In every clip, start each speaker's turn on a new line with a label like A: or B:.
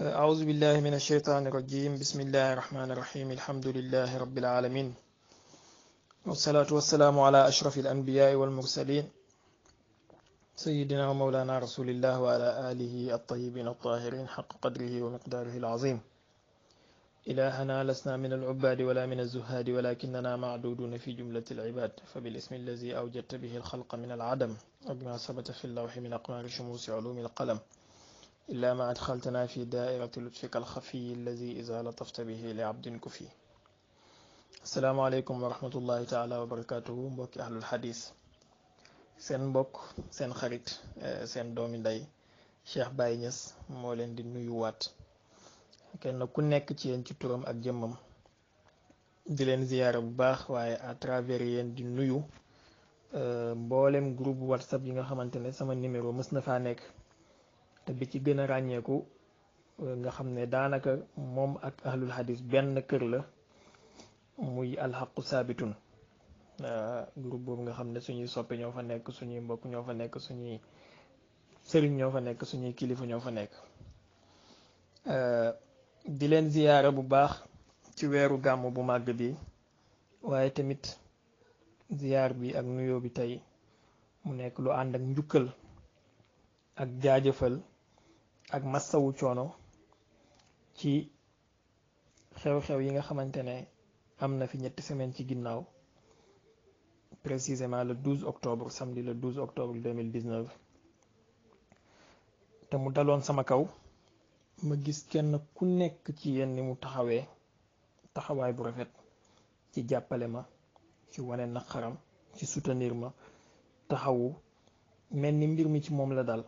A: أعوذ بالله من الشيطان الرجيم بسم الله الرحمن الرحيم الحمد لله رب العالمين والصلاة والسلام على أشرف الأنبياء والمرسلين سيدنا ومولانا رسول الله وعلى آله الطيبين الطاهرين حق قدره ومقداره العظيم إلهنا لسنا من العباد ولا من الزهاد ولكننا معدودون في جملة العباد فبالاسم الذي أوجدت به الخلق من العدم وبما ثبت في اللوح من أقمار شموس علوم القلم illaa ma adxaltana fi daairati lutfika alxafiyi allazi iza latafta bihi li abdin kufi asalaamaaleykum wa rahmatullahi mbokki ahlul xadis seen mbokk seen xarit eh, seen doomi nday Cheikh bay Niass moo leen di nuyuwaat kenn ku nekk ci yéen ci turam ak jëmmam di leen ziyaara bu baax waaye à travers yéen di nuyu eh, mboolem groupe WhatsApp yi nga xamante ne sama numéro mës na faa nekk te bi ci gën a ràññeeku nga xam ne daanaka moom ak ahlul hadis benn kër la muy alxaqu saabitun ah, groupe boobu nga xam ne suñuy soppe ñoo fa nekk suñuy mbokk ñoo fa nekk suñuy sëriñ ñoo fa nekk suñuy kilifa ñoo fa nekk ah, di leen ziyaara bu baax ci weeru gàmm bu màgg bi waaye tamit ziyaar bi ak nuyoo bi tey mu nekk lu ànd ak njukkal ak jaajëfal ak mastawu coono ci xew-xew yi nga xamante ne am na fi ñetti semaine ci ginnaaw précisément la 12 octobre samedi le 12 octobre 2019 te mu daloon sama kaw ma gis kenn ku nekk ci yenn mu taxawee taxawaay bu rafet ci jàppale ma ci wane naqaram ci soutenir ma taxawu mel ni mbir mi ci moom la dal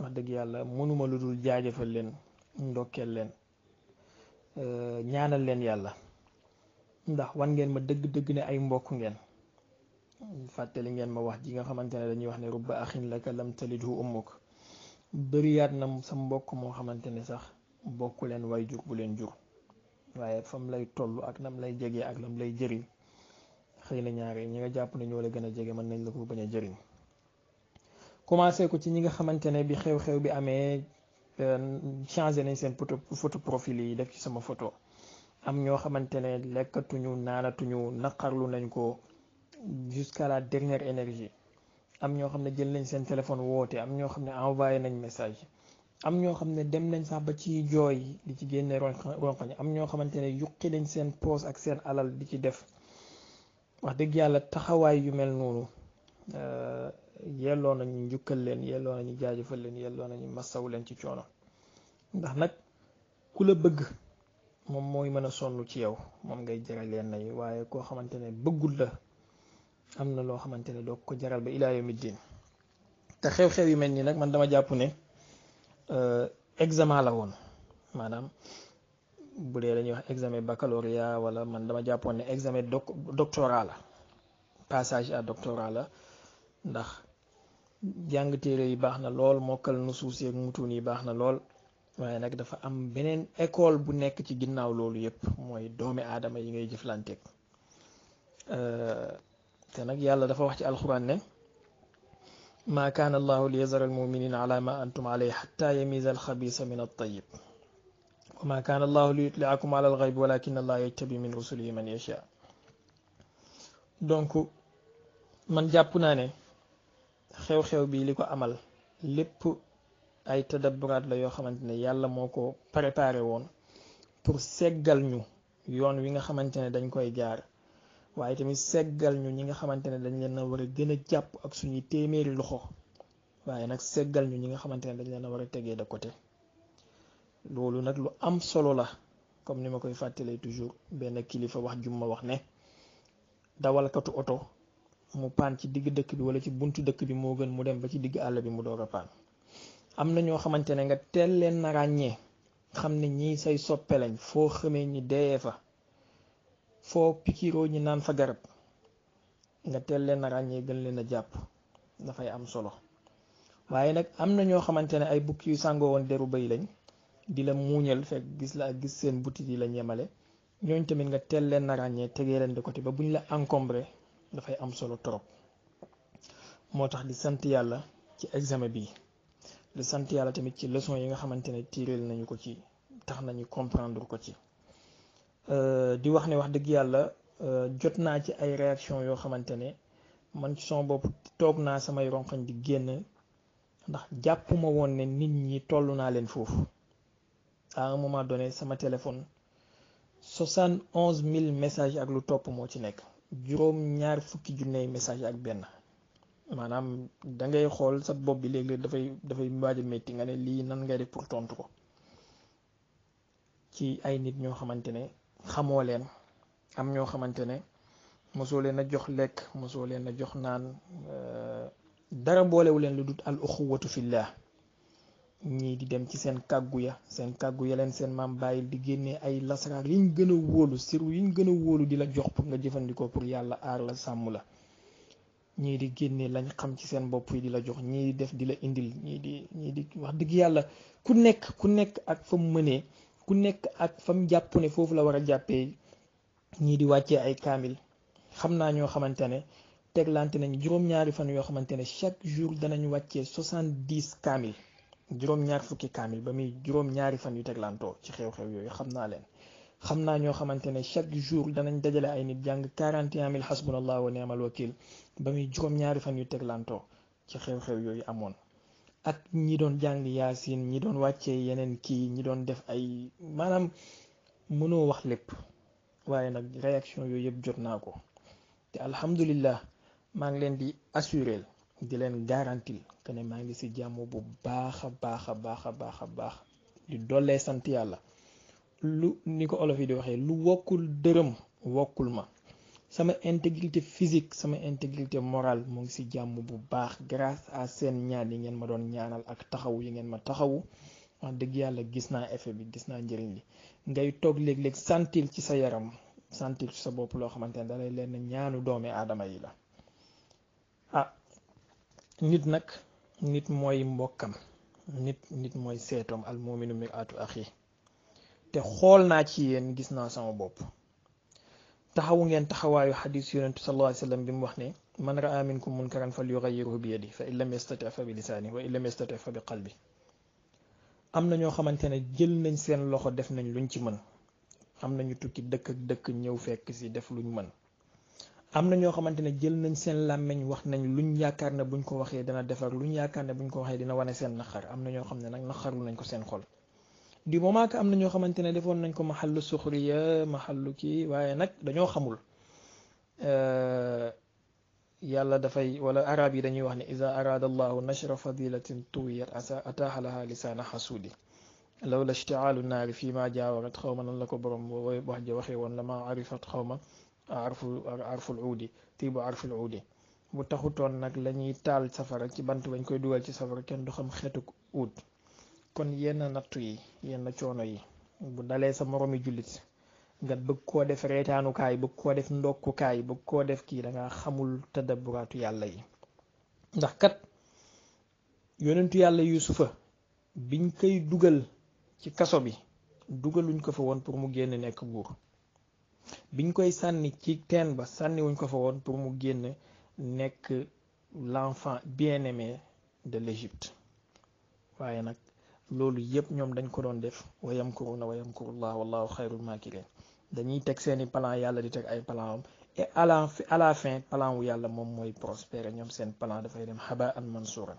A: wax dëgg yàlla mënuma lu dul jaajëfal leen ndokkeel leen euh, ñaanal leen yàlla ndax wan ngeen ma dëgg-dëgg ne ay mbokk ngeen fàttali ngeen ma wax ji nga xamante ne dañuy wax ne rubba axin laka lam talidhu ummuk bëriyaat na sa mbokk moo xamante ne sax bokku leen way jur bu leen jur waaye fam lay toll ak nam lay jegee ak lam lay jëriñ xëy na ñaare ñi nga jàpp ne ñoo la gën a jege mën nañ la ko bañ a jëriñ commencé ko ci ñi nga xamante ne bi xew-xew bi amee euh, changé nañ seen photo photo profil yi def ci sama photo am ñoo xamante ne lekkatuñu naanatuñu naqarlu nañu ko jusqu'à la dernière énergie am ñoo xam ne jël nañ seen téléphone woote am ñoo xam ne envoyé nañ message am ñoo xam ne dem nañ sax ba ci jooy di ci génne ronkoñ am ñoo xamante ne yuqi nañ seen poos ak seen alal di ci def wax dëgg yàlla taxawaay yu mel noonu euh, yelloo ñu njukkal leen yelloo nañu jaajëfal leen yelloo nañu masaw leen ci coono ndax nag ku la bëgg moom mooy mën a sonn ci yow moom ngay jaral leen nay waaye koo xamante ne bëggul la am na loo xamante ne doo ko jaral ba ilaa yawmi diin te xew-xew yu mel nii nag man dama jàpp ne euh, examen la woon maanaam bu dee dañuy wax examen baccalauréat wala man dama jàppoon ne examen doc doctorat la passage à doctorat la ndax jàng téere yi baax na lool mokkal nu suuseeg mutuun yi baax na lool waaye nag dafa am beneen école bu nekk ci ginnaaw loolu yëpp mooy doomi aadama yi ngay jëflanteeg euh, te nag yàlla dafa wax ci alxuraan ne maa kaana allahu li yazara almuminina ala ma antum alayhi xatta yamiza alxabisa min altayib wa maa kaana allahu li yutliakum ala alxayb walakin allah yajtabi min rusulihi man yasha donc man jàpp naa ne xew-xew bii li ko amal lépp ay tadabburaat la yoo xamante ne yàlla moo ko préparé woon pour seggal ñu yoon wi nga xamante ne dañ koy jaar waaye tamit seggal ñu ñi nga xamante ne dañ leen a war a gën a jàpp ak suñuy téeméeri loxo waaye nag seggal ñu ñi nga xamante ne dañ leen a war a tegee de côté loolu nag lu am solo la comme ni ma koy fàttalee toujours benn kilifa wax jumma wax ne dawalkatu oto mu paan ci digg dëkk bi wala ci buntu dëkk bi moo gën mu dem ba ci digg àll bi mu doog a paan am na ñoo xamante ne nga teel leen na ràññee xam ne ñii say soppe lañ foo xamee ñi deeyee fa foo pikiroo ñi naan fa garab nga teel leen a ràññee gën leen a jàpp dafay am solo waaye nag am na ñoo xamante ne ay bukki yu sàngoo woon deru bay lañ di la muuñal fekk gis la ak gis seen butit yi lañ yemale ñooñ tamit nga teel leen na ràññee tegee leen di côté ba bu ñu la encombré dafay am solo trop moo tax di sant yàlla ci examen bi di sant yàlla tamit ci leçon yi nga xamante ne tiireel nañu ko ci tax nañu comprendre ko ci euh, di wax ne wax dëgg yàlla euh, jot naa ci ay réaction yoo xamante ne man ci sama bopp toog naa samay ronqañ di génn ndax jàppuma woon ne nit ñi toll naa leen foofu à un moment donné sama téléphone soixante onze mille message ak lu topp moo ci nekk juróom ñaar fukki junney message ak benn maanaam dangay xool sa bopp bi léeg-léeg dafay dafay waaj a métti nga ne lii nan ngay def pour tontu ko ci ay nit ñoo xamante ne xamoo leen am ñoo xamante ne mosoo leen a jox lekk mosoo leen a jox naan euh, dara boolewu leen lu dut al uxuwatu ñii di dem ci seen kàggu ya seen kàggu ya leen seen maam bàyyil di génnee ay lasaraar yiñ gën a wóolu siru yiñ gën a wóolu di la jox pour nga jëfandikoo pour yàlla aar la sàmm la ñii di génnee lañ xam ci seen bopp yi di la jox ñii di def di la indil ñii di ñii di wax digg yàlla ku nekk ku nekk ak fa mu mënee ku nekk ak fa mu jàpp ne foofu la war a jàppee ñii di wàccee ay kaamil xam naa ñoo xamante ne teglante nañ juróom-ñaari fan yoo xamante ne chaque jour danañ wàccee soixante-dix kaamil juróom-ñaar fukki kaamil ba muy juróom-ñaari fan yu teglantoo ci xew-xew yooyu xam naa leen xam naa ñoo xamante ne chaque jour danañ dajale ay nit jàng 41 000 hasbunallah wa ni'mal wakil ba muy juróom-ñaari fan yu teglantoo ci xew-xew yooyu amoon ak ñi doon jàng yaasin ñi doon wàccee yeneen kii ñi doon def ay maanaam mënoo wax lépp waaye nag réaction yooyu yëpp jot naa ko te alhamdulillah maa ngi leen di assurel di leen garantil que ne maa ngi si jàmm bu baax a baax a baax a baax a baax di dollee sant yàlla lu ni ko olof yi di waxee lu wokkul dërëm wokkul ma sama intégrité physique sama intégrité morale mu ngi si jàmm bu baax grâce à seen ñaan yi ngeen ma doon ñaanal ak taxawu yi ngeen ma taxawu wax dëgg yàlla gis naa effet bi gis naa njëriñ li ngay toog léeg-léeg sentir ci sa yaram sentir ci sa bopp loo xamante ne dalay leen ñaanu doomi aadama yi la ah, nit nag nit mooy mbokkam nit nit mooy seetoom al muminu mir'atu axi te xool naa ci yéen gis naa sama bopp taxawu ngeen taxawaayu xadis yonentu sallallahu alayhi bi mu wax ne man raa minkum munkaran fal yughayyiruhu bi yadi fa in lam yastati fa bi lisaani wa in fa bi qalbi am na ñoo xamante ne jël nañ seen loxo def nañ luñ ci mën am nañu tukki dëkk dëkk ñëw fekk si def luñ mën am na ñoo xamante ne jël nañ seen làmmiñ wax nañ luñ yaakaar ne buñ ko waxee dana defar luñ yaakaar ne buñ ko waxee dina wane seen naqar am na ñoo xam ne nag naqarlu nañ ko seen xol du moom que am na ñoo xamante ne defoon nañ ko maxallu suxriya maxallu kii waaye nag dañoo xamul euh, yàlla dafay wala arab yi dañuy wax ne ida araada allahu nashra fadilatin tuwiyat asa ataaxa laha lisaana xasuudi lawla isticaalu naari fii ma jaawarat xaw ma nan la ko borom wax ja waxee xaw ma arfu arful uudi tiibu arful uudi bu taxutoon nag la ñuy taal safara ci bant bañ koy dugal ci safara kenn du xam xeetu uud kon yenn nattu yi yenn coono yi bu dalee sa moromi jullit nga bëgg koo def reetaanukaay bëgg koo def ndokkukaay bëgg koo def kii da nga xamul tëddaburaatu yàlla yi ndax kat yonentu yàlla yusufa biñ koy dugal ci kaso bi dugaluñ ko fa woon pour mu génn nekk buur bi ñu koy sànni ci teen ba sànniwuñ ko fa woon pour mu génn nekk l'enfant bien-aimé de l'Égypte waaye nag loolu yëpp ñoom dañ ko doon def wa yamkuruna wa yamkurullah wallahu xayrul makirin dañuy teg seeni palant yàlla di teg ay plan am et à la à wu yàlla moom mooy prospérer ñoom seen plan dafay dem haba an mansuran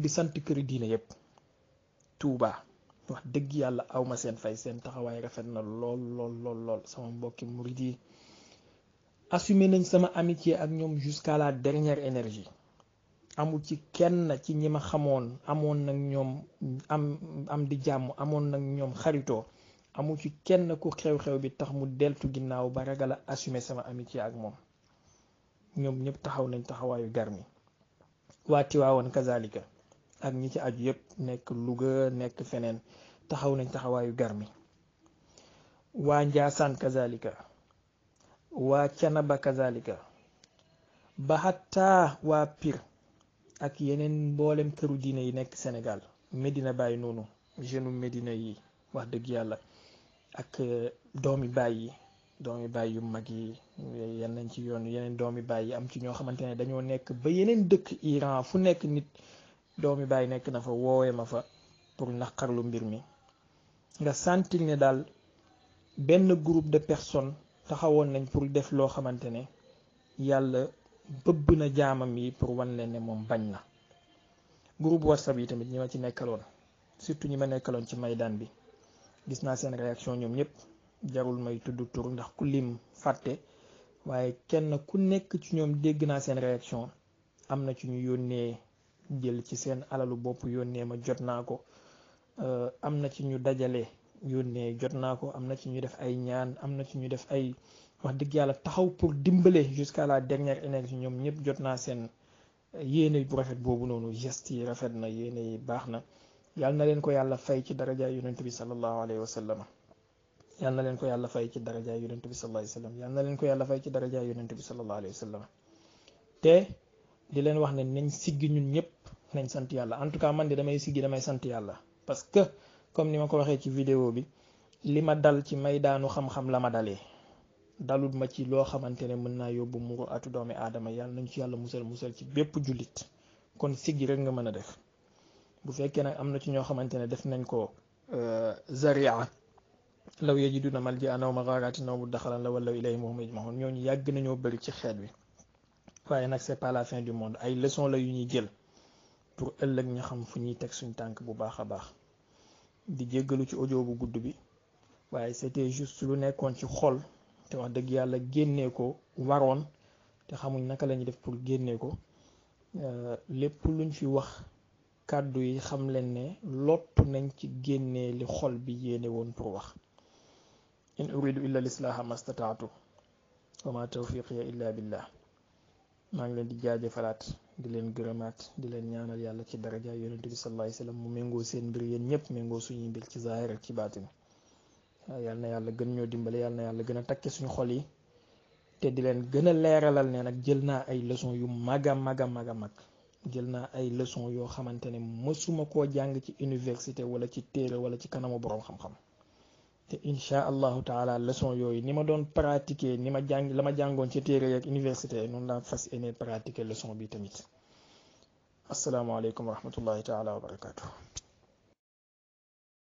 A: di sant këri diine yëpp Tuuba wax dëgg yàlla awma seen fay seen taxawaay rafet na lool lool lool lool sama mbokki murid yi assumé nañ sama amitié ak ñoom jusqu'à la dernière énergie amul ci kenn ci ñi ma xamoon amoon nag ñoom am am di jàmm amoon nag ñoom xaritoo amul ci kenn ku xew-xew bi tax mu deltu ginnaaw ba ragal assumé sama amitié ak moom ñoom ñëpp taxaw nañ taxawaayu gar mi waa Tiwaawoon kazalika ak ñi ci aju yépp nekk Louga nekk feneen taxaw nañ taxawaayu garmi waa Njaasaan kazalika waa Canaba kazalika ba waa Pire ak yeneen mboolem këru diine yi nekk Sénégal Medina Baye noonu jeune médina yi wax dëgg yàlla ak euh, doomi baay yi doomi baay yu mag yi yan nañ ci yoon yeneen doomi baay yi am ci ñoo xamante ne dañoo nekk ba yeneen dëkk Iran fu nekk nit doomi baay nekk na fa woowee ma fa pour naqarlu mbir mi nga sentir ne daal benn groupe de personne taxawoon nañ pour def loo xamante ne yàlla bëbb na jaamam yi pour wan leen ne moom bañ na groupe whatsapp yi tamit ñi ma ci nekkaloon surtout ñi ma nekkaloon ci maydaan bi gis naa seen réaction ñoom ñëpp jarul may tudd tur ndax ku lim fàtte waaye kenn ku nekk ci ñoom dégg naa seen réaction am na ci ñu yónnee jël ci seen alalu bopp yónnee ma jot naa ko euh, am na ci ñu dajale yónnee jot naa ko am na ci ñu def ay ñaan am na ci ñu def ay wax dëgg yàlla taxaw pour dimbale jusqu'à la dernière énergie ñoom ñëpp jot naa seen euh, yéene bu rafet boobu noonu geste yi rafet na yéene yi baax na yal na leen ko yàlla fay ci daraja yonent bi sallallahu alayhi wa sallam yal na leen ko yàlla fay ci daraja yonent bi sallallahu alayhi wa sallam yal na leen ko yàlla fay ci daraja yonent bi sallallahu alayhi wa sallam di leen wax ne nañ siggi ñun ñëpp nañ sant yàlla en tout cas man de damay siggi damay sant yàlla parce que comme ni ma ko waxee ci video bi li ma dal ci may daanu xam-xam la ma dalee dalul ma ci loo xamante ne mën naa yóbbu mu atu doomi aadama yàlla nañ ci yàlla musal musal ci bépp jullit kon siggi rek nga mën a def bu fekkee nag am na ci ñoo xamante ne def nañ ko euh, zaria law yajiduna malji'an aw maghaaratin aw mudakhalan lawallaw ilayhi wa hum yajma'un ñooñu yàgg nañoo bëri ci xeet wi waaye nag c'est pas la fin du monde ay leçon la yu ñuy jël pour ëllëg ñu xam fu ñuy teg suñ tànk bu baax a baax di jéggalu ci audio bu gudd bi waaye c'était juste lu nekkoon ci xol te wax dëgg yàlla génnee ko waroon te xamuñ naka la def pour génnee ko euh, lépp luñ fi wax kàddu yi xam leen ne lottu nañ ci génne li xol bi yéene woon pour wax in uridu illa lislaaha mastataatu wa ma tawfiqiya illa billah maa ngi leen di jaajëfalaat di leen gërëmaat di leen ñaanal yàlla ci daraja yonent bi sallallahu alayhi wasallam mu méngoo seen mbir yéen ñëpp mengoo suñuy mbir ci zaahir ak ci baatin yàlla na yàlla gën ñoo dimbale yàlla na yàlla gën a takke suñu xol yi te di leen gën a leeralal ne nag jël naa ay leçon yu mag a mag a mag a mag jël naa ay leçon yoo xamante ne mësuma koo jàng ci université wala ci téere wala ci kanamu boroom xam-xam te incha allahu taala leçon yooyu ni ma doon pratiquer ni ma jàng la ma jàngoon ci téere ak université noonu laa fas yéene pratiquer leçon bi tamit asalaamaaleykum wa rahmatullahi taala wa barakaatu.